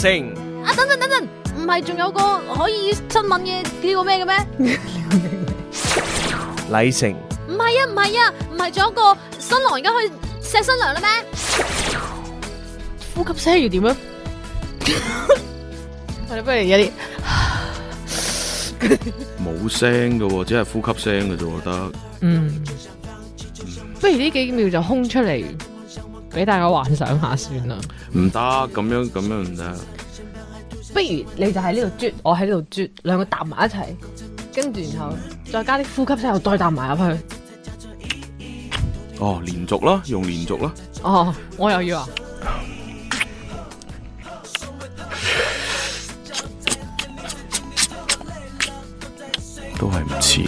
啊！等等等等，唔係仲有個可以親吻嘅叫個咩嘅咩？禮成。唔係啊，唔係啊，唔係仲有個新郎而家可以錫新娘啦咩？呼吸聲要點啊？我哋不如有啲冇聲㗎，只係呼吸聲㗎啫，我覺得。嗯，不如呢幾秒就空出嚟。畀大家幻想下算啦，唔得咁樣咁樣唔得。不如你就喺呢度啜，我喺呢度啜，兩個搭埋一齊，跟住然後再加啲呼吸之後再搭埋入去。哦，連續啦，用連續啦。哦，我又要啊。都係唔似。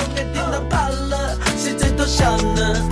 哦